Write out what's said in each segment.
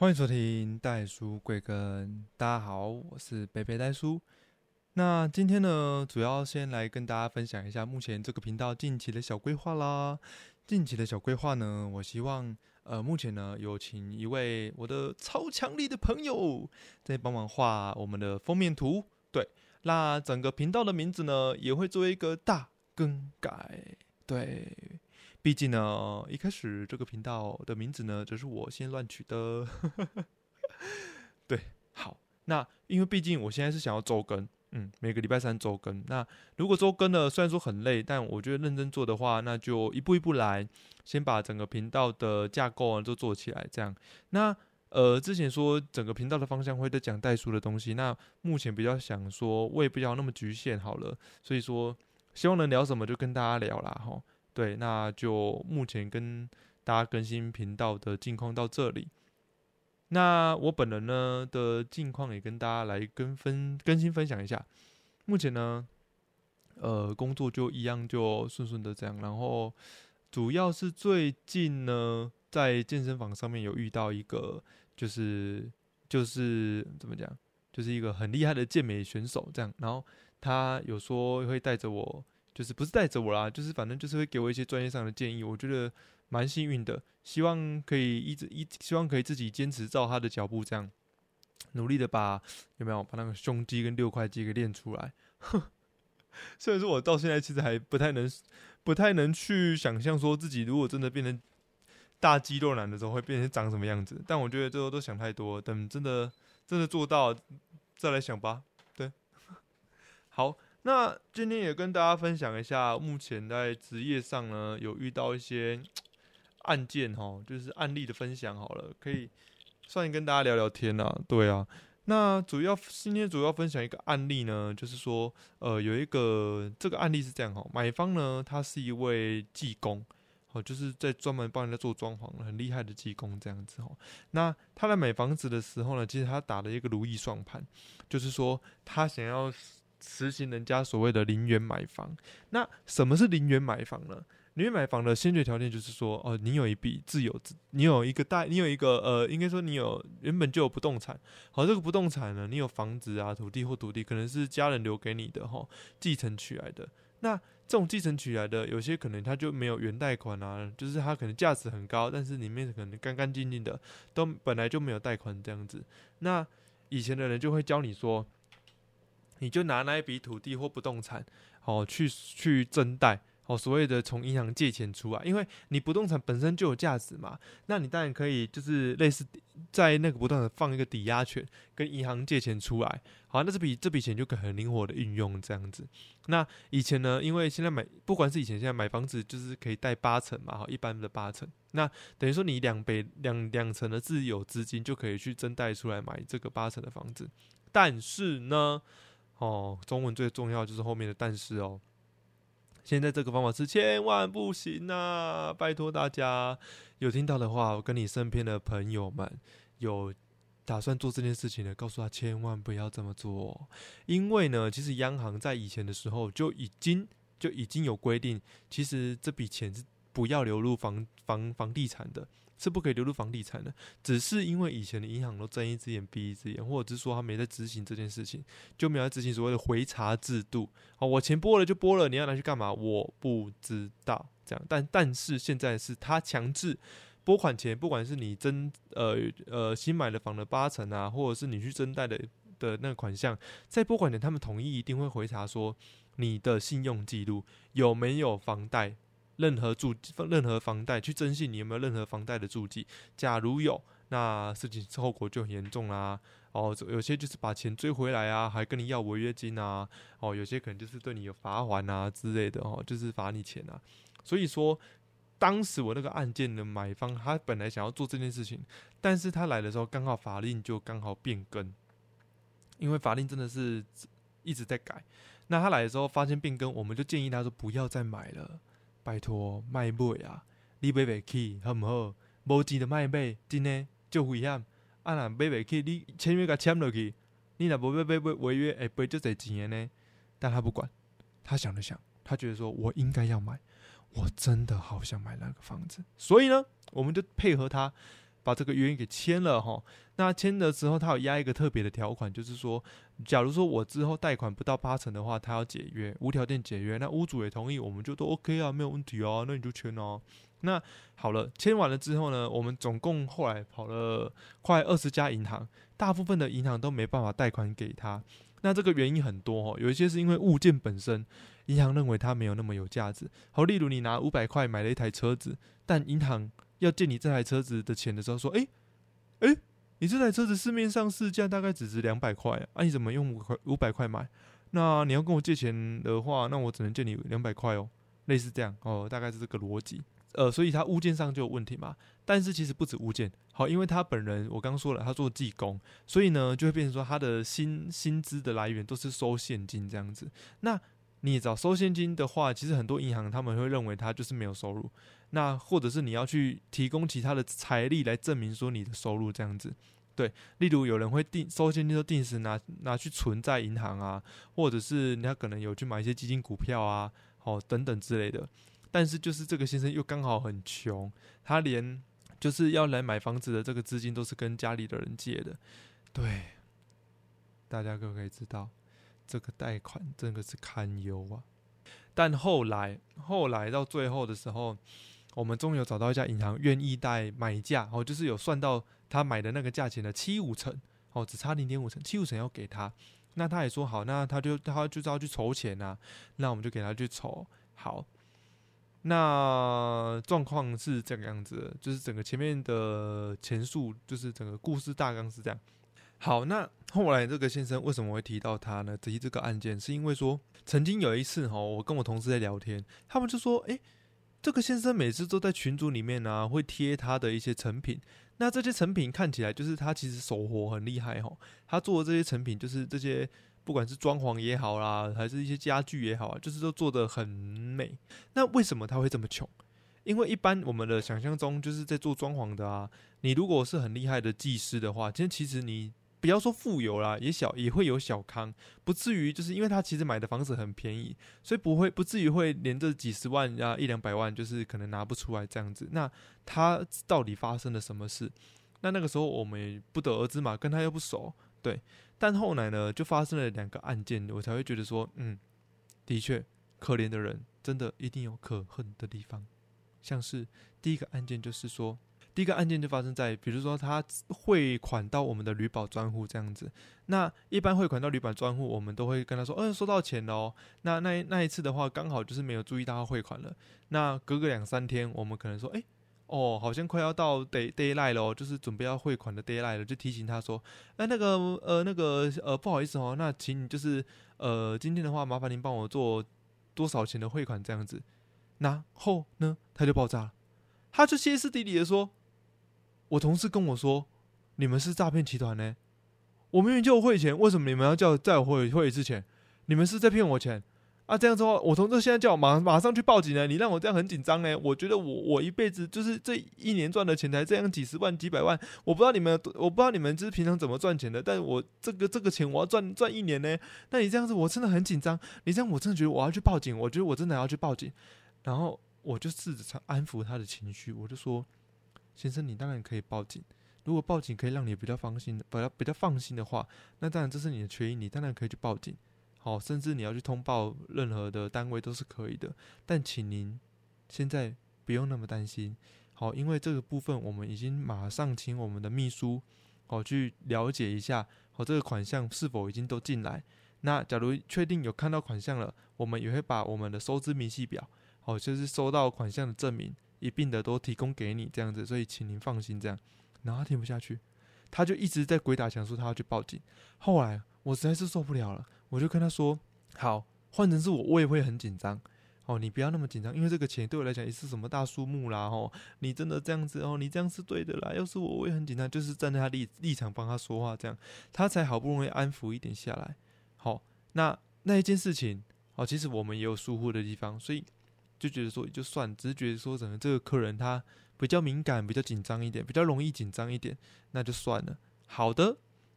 歡迎收聽《袋鼠貴根》，大家好，我是貝貝袋書。那今天呢，主要先來跟大家分享一下目前這個頻道近期的小規劃啦。近期的小規劃呢，我希望呃，目前呢有請一位我的超強力的朋友在幫忙畫我們的封面圖。對，那整個頻道的名字呢，也會做一個大更改。對。畢竟呢，一開始這個頻道的名字呢，就是我先亂取的。 對，好，那因為畢竟我現在是想要周更，嗯，每個禮拜三周更。那如果周更呢，雖然說很累，但我覺得認真做的話，那就一步一步來，先把整個頻道的架構啊都做起來。這樣，那呃，之前說整個頻道的方向會在講代書的東西，那目前比較想說，我也不要那麼局限好了，所以說，希望能聊什麼就跟大家聊啦，齁。對，那就目前跟大家更新頻道的近況到這裡。那我本人呢的近況也跟大家來跟分更新分享一下。目前呢，呃，工作就一樣，就順順的這樣。然後主要是最近呢，在健身房上面有遇到一個、就是，就是就是怎麼講，就是一個很厲害的健美選手這樣。然後他有說會帶着我。就是不是帶着我啦，就是反正就是會給我一些專業上的建議，我覺得蠻幸運的。希望可以一直一希望可以自己堅持照他的腳步這樣努力的把有沒有把那個胸肌跟六塊肌給練出來。 雖然說我到現在其實還不太能不太能去想象說自己如果真的變成大肌肉男的時候會變成長什麼樣子，但我覺得最後都想太多，等真的真的做到再來想吧。對， 好。那今天也跟大家分享一下，目前在職業上呢，有遇到一些案件哈，就是案例的分享好了，可以算跟大家聊聊天吶，啊。對啊，那主要今天主要分享一個案例呢，就是說呃，有一個這個案例是這樣哈，買方呢，他是一位技工，哦，就是在專門幫人家做裝潢的很厲害的技工這樣子哈。那他來買房子的時候呢，其實他打了一個如意算盤，就是說他想要。實行人家所謂的零元買房，那什麼是零元買房呢？零元買房的先決條件就是說，哦、呃，你有一筆自有，你有一個貸，你有一個，有一個呃，應該說你有原本就有不動產。好，這個不動產呢，你有房子啊，土地或土地可能是家人留給你的哈，繼承取來的。那這種繼承取來的，有些可能它就沒有原貸款啊，就是它可能價值很高，但是裡面可能乾干淨淨的，都本來就沒有貸款這樣子。那以前的人就會教你說。你就拿那一筆土地或不動產，哦，去去增貸，哦，所謂的從銀行借錢出來，因為你不動產本身就有價值嘛，那你當然可以，就是類似在那個不動產的放一個抵押權，跟銀行借錢出來，好、啊，那這筆這筆錢就可以很靈活的運用這樣子。那以前呢，因為現在買不管是以前現在買房子，就是可以貸八成嘛，哈，一般的八成，那等於說你兩倍兩兩成的自有資金就可以去增貸出來買這個八成的房子，但是呢。哦，中文最重要就是後面的但是哦，現在這個方法是千萬不行吶、啊！拜託大家，有聽到的話，我跟你身邊的朋友們有打算做這件事情的，告訴他千萬不要這麼做、哦，因為呢，其實央行在以前的時候就已經就已經有規定，其實這筆錢是不要流入房房房地產的。是不可以流入房地產的，只是因為以前的銀行都睜一隻眼閉一隻眼，或者是說他沒在執行這件事情，就沒有在執行所謂的回查制度。哦，我錢撥了就撥了，你要拿去幹嘛？我不知道。這樣，但但是現在是他強制撥款前，不管是你增呃呃新買的房的八成啊，或者是你去增貸的的那個款項，在撥款前他們同意一定會回查說你的信用記錄有沒有房貸。任何註，任何房貸去徵信，你有沒有任何房貸的註記？假如有，那事情後果就很嚴重啦，啊。哦，有些就是把錢追回來啊，還跟你要違約金啊。哦，有些可能就是對你有罰款啊之類的哦，就是罰你錢啊。所以說，當時我那個案件的買方，他本來想要做這件事情，但是他來的時候剛好法令就剛好變更，因為法令真的是一直在改。那他來的時候發現變更，我們就建議他說不要再買了。拜託，賣買啊！你買不起，好唔好？無錢就賣買，買，真呢，足危險。啊！若買不起，你簽約甲簽落去，你若不買不不違約，會賠足濟錢呢？但他不管，他想了想，他覺得說我應該要買，我真的好想買那個房子。所以呢，我們就配合他。把這個約給簽了哈，那簽的時候他有壓一個特別的條款，就是說，假如說我之後貸款不到八成的話，他要解約，無條件解約。那屋主也同意，我們就都 OK 啊，沒有問題哦、啊，那你就簽哦、啊。那好了，簽完了之後呢，我們總共後來跑了快二十家銀行，大部分的銀行都沒辦法貸款給他。那這個原因很多哦，有一些是因為物件本身，銀行認為它沒有那麼有價值。好，例如你拿五百塊買了一台車子，但銀行，要借你這台車子的錢的時候，說：“誒、欸、誒、欸，你這台車子市面上市價大概只值兩百塊啊，那、啊、你怎麼用五塊五百塊買？那你要跟我借錢的話，那我只能借你兩百塊哦，類似這樣哦，大概是這個邏輯。呃，所以他物件上就有問題嘛。但是其實不止物件，好，因為他本人我剛說了，他做技工，所以呢就會變成說他的薪薪資的來源都是收現金這樣子。那你找收現金的話，其實很多銀行他們會認為他就是沒有收入。”那或者是你要去提供其他的財力來證明說你的收入這樣子，對，例如有人會定收現金都定時拿拿去存在銀行啊，或者是人家可能有去買一些基金股票啊，哦等等之類的。但是就是這個先生又剛好很窮，他連就是要來買房子的這個資金都是跟家裡的人借的，對，大家都可以知道，這個貸款真的是堪憂啊。但後來後來到最後的時候。我們終於找到一家銀行願意貸買價，哦，就是有算到他買的那個價錢的七五成，哦，只差零點五成，七五成要給他，那他也說好，那他就他就是要去籌錢吶、啊，那我們就給他去籌，好，那狀況是這個樣子，就是整個前面的錢數，就是整個故事大綱是這樣，好，那後來這個先生為什麼會提到他呢？提及這個案件，是因為說曾經有一次哈、哦，我跟我同事在聊天，他們就說，哎。這個先生每次都在群組裡面啊，會貼他的一些成品。那這些成品看起來就是他其實手活很厲害哦，他做的這些成品就是這些，不管是裝潢也好啦，還是一些家具也好啊，就是都做得很美。那為什麼他會這麼窮？因為一般我們的想象中就是在做裝潢的啊，你如果是很厲害的技師的話，其實其實你。不要說富有啦，也小也會有小康，不至於就是因為他其實買的房子很便宜，所以不會不至於會連著幾十萬啊，一兩百萬就是可能拿不出來這樣子。那他到底發生了什麼事？那那個時候我們不得而知嘛，跟他又不熟。對，但後來呢，就發生了兩個案件，我才會覺得說，嗯，的確可憐的人真的一定有可恨的地方。像是第一個案件就是說。第一個案件就發生在，比如說他匯款到我們的履保專戶這樣子。那一般匯款到履保專戶，我們都會跟他說，嗯、呃，收到錢了、哦。那那那一次的話，剛好就是沒有注意到他匯款了。那隔個兩三天，我們可能說，哎、欸，哦，好像快要到 day deadline 了，哦，就是準備要匯款的 deadline 了，就提醒他說，哎、呃，那個，呃，那個，呃，不好意思哦，那請你就是，呃，今天的話麻煩您幫我做多少錢的匯款這樣子。然後呢，他就爆炸了，他就歇斯底里的說。我同事跟我說：“你們是詐騙集團呢、欸，我明明就匯錢，為什麼你們要叫再匯匯一次錢？你們是在騙我錢啊？這樣子的話，我同事現在叫我馬馬上去報警呢、欸。你讓我這樣很緊張呢？我覺得我我一輩子就是這一年賺的錢才這樣幾十萬幾百萬。我不知道你們我不知道你們就是平常怎麼賺錢的，但是我這個這個錢我要賺賺一年呢、欸。那你這樣子，我真的很緊張。你這樣，我真的覺得我要去報警。我覺得我真的要去報警。然後我就試着安撫他的情緒，我就說。”先生，你當然可以報警。如果報警可以讓你比較放心的，比較比較放心的話，那當然這是你的權益，你當然可以去報警。好，甚至你要去通報任何的單位都是可以的。但請您現在不用那麼擔心。好，因為這個部分我們已經馬上請我們的秘書，好，去了解一下，好，這個款項是否已經都進來。那假如確定有看到款項了，我們也會把我們的收支明細表，好，就是收到款項的證明。一併的都提供給你這樣子，所以請您放心這樣。然後他聽不下去，他就一直在鬼打牆說他要去報警。後來我實在是受不了了，我就跟他說：“好，換成是我，我也會很緊張。哦，你不要那麼緊張，因為這個錢對我來講也是什麼大數目啦。哦，你真的這樣子哦，你這樣是對的啦。要是我，我也很緊張，就是站在他立立場幫他說話這樣，他才好不容易安撫一點下來。好，哦，那那一件事情，哦，其實我們也有疏忽的地方，所以。”就覺得說也就算，只是覺得說，可能這個客人他比較敏感，比較緊張一點，比較容易緊張一點，那就算了。好的，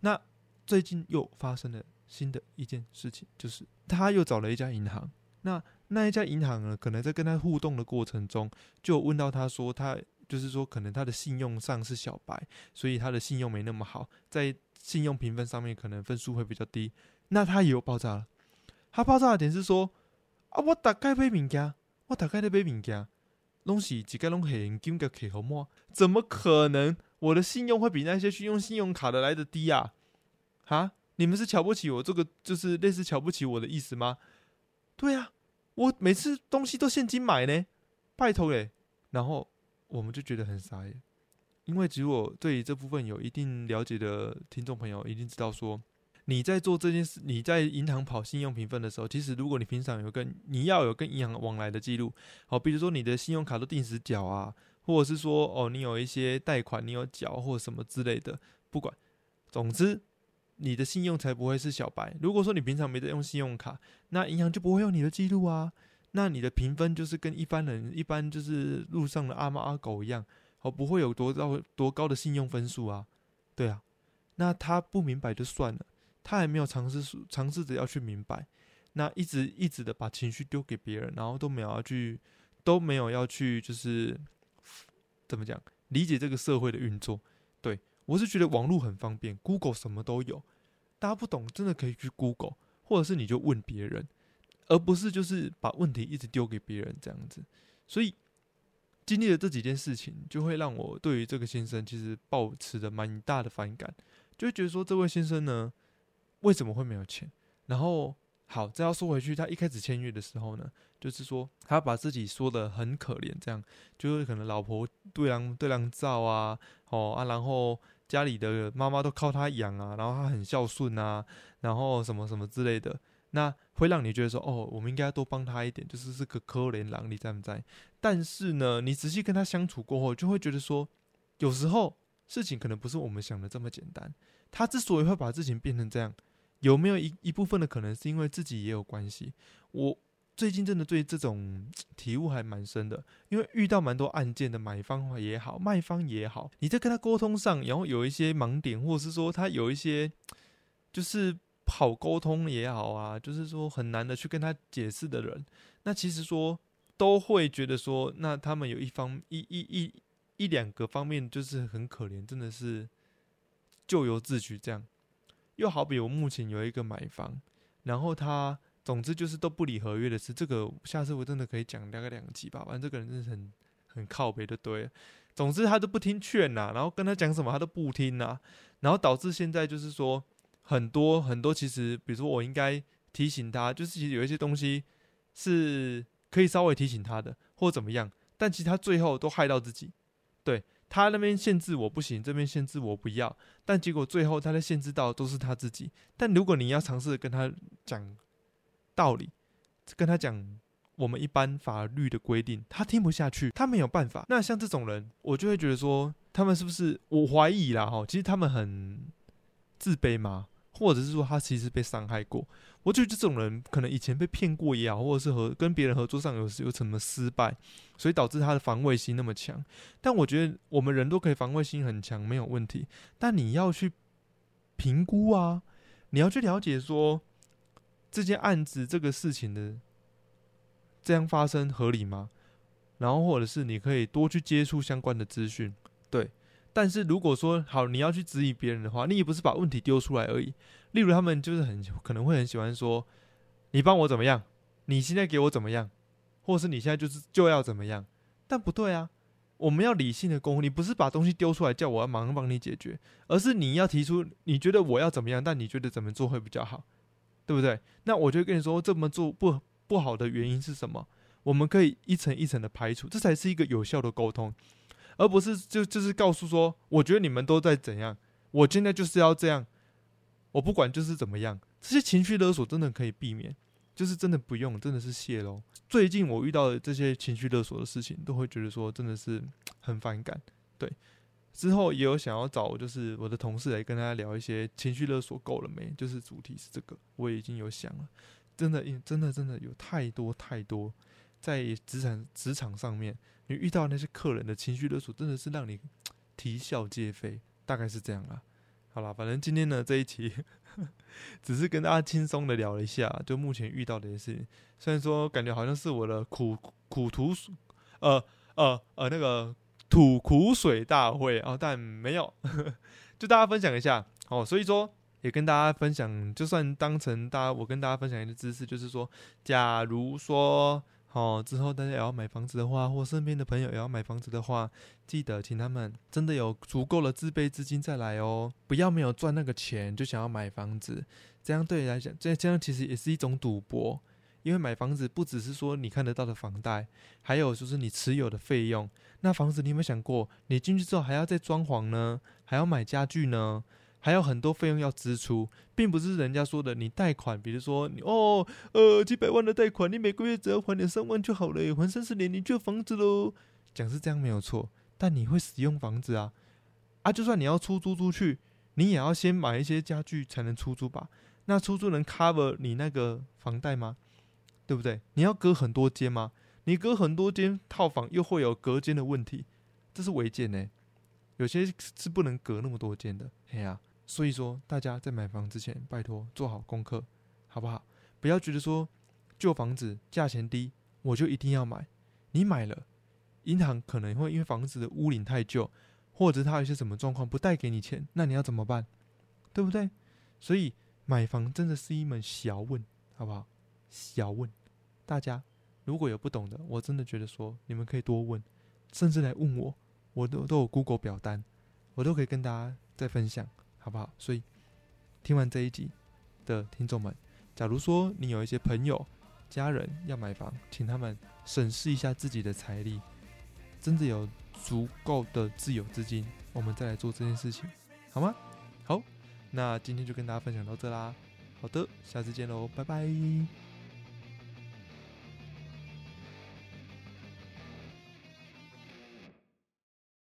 那最近又發生了新的一件事情，就是他又找了一家銀行。那那一家銀行呢，可能在跟他互動的過程中，就問到他說他，他就是說，可能他的信用上是小白，所以他的信用沒那麼好，在信用評分上面可能分數會比較低。那他也有爆炸了。他爆炸的點是說，啊，我打開杯面家，我大概得背物件，攏是自家攏現金交客怎麼可能？我的信用會比那些去用信用卡的來的低啊？啊！你們是瞧不起我，這個就是類似瞧不起我的意思嗎？對啊，我每次東西都現金買呢，拜托嘞、欸。然後我們就覺得很傻耶，因為只有我對於這部分有一定了解的聽眾朋友，一定知道說。你在做這件事，你在銀行跑信用評分的時候，其實如果你平常有跟你要有跟銀行往來的記錄，好，比如說你的信用卡都定時繳啊，或者是說哦你有一些貸款你有繳或什麼之類的，不管，總之你的信用才不會是小白。如果說你平常沒得用信用卡，那銀行就不會用你的記錄啊，那你的評分就是跟一般人一般就是路上的阿貓阿狗一樣，好，不會有多高多高的信用分數啊，對啊，那他不明白就算了。他還沒有嘗試，嘗試着要去明白，那一直一直的把情緒丟給別人，然後都沒有要去，都沒有要去，就是怎麼講，理解這個社會的運作。對，我是覺得網絡很方便，Google 什麼都有，大家不懂真的可以去 Google，或者是你就問別人，而不是就是把問題一直丟給別人這樣子。所以經歷了這幾件事情，就會讓我對於這個先生其實抱持着蠻大的反感，就覺得說這位先生呢。為什麼會沒有錢？然後好，再要說回去，他一開始簽約的時候呢，就是說他把自己說得很可憐，這樣就是可能老婆對狼對狼照啊，哦啊，然後家裡的媽媽都靠他養啊，然後他很孝順啊，然後什麼什麼之類的，那會讓你覺得說哦，我們應該要多幫他一點，就是是個可憐狼，你在不在？但是呢，你仔細跟他相處過後，就會覺得說，有時候事情可能不是我們想的這麼簡單，他之所以會把事情變成這樣。有沒有一一部分的可能是因為自己也有關係？我最近真的對這種體悟還蠻深的，因為遇到蠻多案件的買方也好，賣方也好，你在跟他溝通上，然後有一些盲點，或者是說他有一些就是好溝通也好啊，就是說很難的去跟他解釋的人，那其實說都會覺得說，那他們有一方一一一一兩個方面就是很可憐，真的是咎由自取這樣。又好比我目前有一個買房，然後他總之就是都不理合約的事。這個下次我真的可以講大概兩集吧。反正這個人真的很很靠北的，對。總之他都不聽勸吶、啊，然後跟他講什麼他都不聽吶、啊，然後導致現在就是說很多很多其實，比如說我應該提醒他，就是其實有一些東西是可以稍微提醒他的，或怎麼樣。但其實他最後都害到自己，對。他那邊限制我不行，這邊限制我不要，但結果最後他的限制到都是他自己。但如果你要嘗試跟他講道理，跟他講我們一般法律的規定，他聽不下去，他沒有辦法。那像這種人，我就會覺得說，他們是不是我懷疑啦？哈，其實他們很自卑嗎？或者是說他其實被傷害過？我覺得這種人可能以前被騙過也好，或者是和跟別人合作上有有什麼失敗，所以導致他的防衛心那麼強。但我覺得我們人都可以防衛心很強，沒有問題。但你要去評估啊，你要去了解說這件案子這個事情的這樣發生合理嗎？然後或者是你可以多去接觸相關的資訊，對。但是如果說好，你要去質疑別人的話，你也不是把問題丟出來而已。例如他們就是很可能會很喜歡說，你幫我怎麼樣？你現在給我怎麼樣？或是你現在就是就要怎麼樣？但不對啊，我們要理性的溝通。你不是把東西丟出來叫我要馬上幫你解決，而是你要提出你覺得我要怎麼樣？但你覺得怎麼做會比較好，對不對？那我就跟你說這麼做不不好的原因是什麼？我們可以一層一層的排除，這才是一個有效的溝通。而不是就就是告訴說，我覺得你們都在怎樣，我現在就是要這樣，我不管就是怎麼樣，這些情緒勒索真的可以避免，就是真的不用，真的是謝嘍。最近我遇到的這些情緒勒索的事情，都會覺得說真的是很反感。對，之後也有想要找就是我的同事來跟大家聊一些情緒勒索夠了沒？就是主題是這個，我已經有想了，真的，欸、真的，真的有太多太多。在職場職場上面，你遇到那些客人的情緒勒索，真的是讓你啼笑皆非，大概是這樣啦。好啦，反正今天的這一期，只是跟大家輕鬆的聊了一下，就目前遇到的一些事情。雖然說感覺好像是我的苦苦吐呃呃呃那個吐苦水大會啊、哦，但沒有呵呵，就大家分享一下哦。所以說也跟大家分享，就算當成大家我跟大家分享一個知識，就是說，假如說。好、哦，之後大家也要買房子的話，或身邊的朋友也要買房子的話，記得請他們真的有足夠的自備資金再來哦，不要沒有賺那個錢就想要買房子，這樣對你來講，這樣其實也是一種賭博，因為買房子不只是說你看得到的房貸，還有就是你持有的費用。那房子你有沒有想過，你進去之後還要再裝潢呢？還要買家具呢？還有很多費用要支出，並不是人家說的你貸款，比如說你哦呃幾百萬的貸款，你每個月只要還兩三萬就好了，還三十年你就有房子嘍。講是這樣沒有錯，但你會使用房子啊？啊，就算你要出租出去，你也要先買一些家具才能出租吧？那出租能 cover 你那個房貸嗎？對不對？你要隔很多間嗎？你隔很多間套房又會有隔間的問題，這是違建呢、欸。有些是不能隔那麼多間的，哎呀。所以說，大家在買房之前，拜托做好功課，好不好？不要覺得說舊房子價錢低，我就一定要買。你買了，銀行可能會因為房子的屋齡太舊，或者它有些什麼狀況，不貸給你錢，那你要怎麼辦？對不對？所以買房真的是一門學問，好不好？學問，大家如果有不懂的，我真的覺得說你們可以多問，甚至來問我，我都有都有 Google 表單，我都可以跟大家再分享。好不好？所以，聽完這一集的聽眾們，假如說你有一些朋友、家人要買房，請他們審視一下自己的財力，真的有足夠的自有資金，我們再來做這件事情，好嗎？好，那今天就跟大家分享到這啦。好的，下次見嘍，拜拜。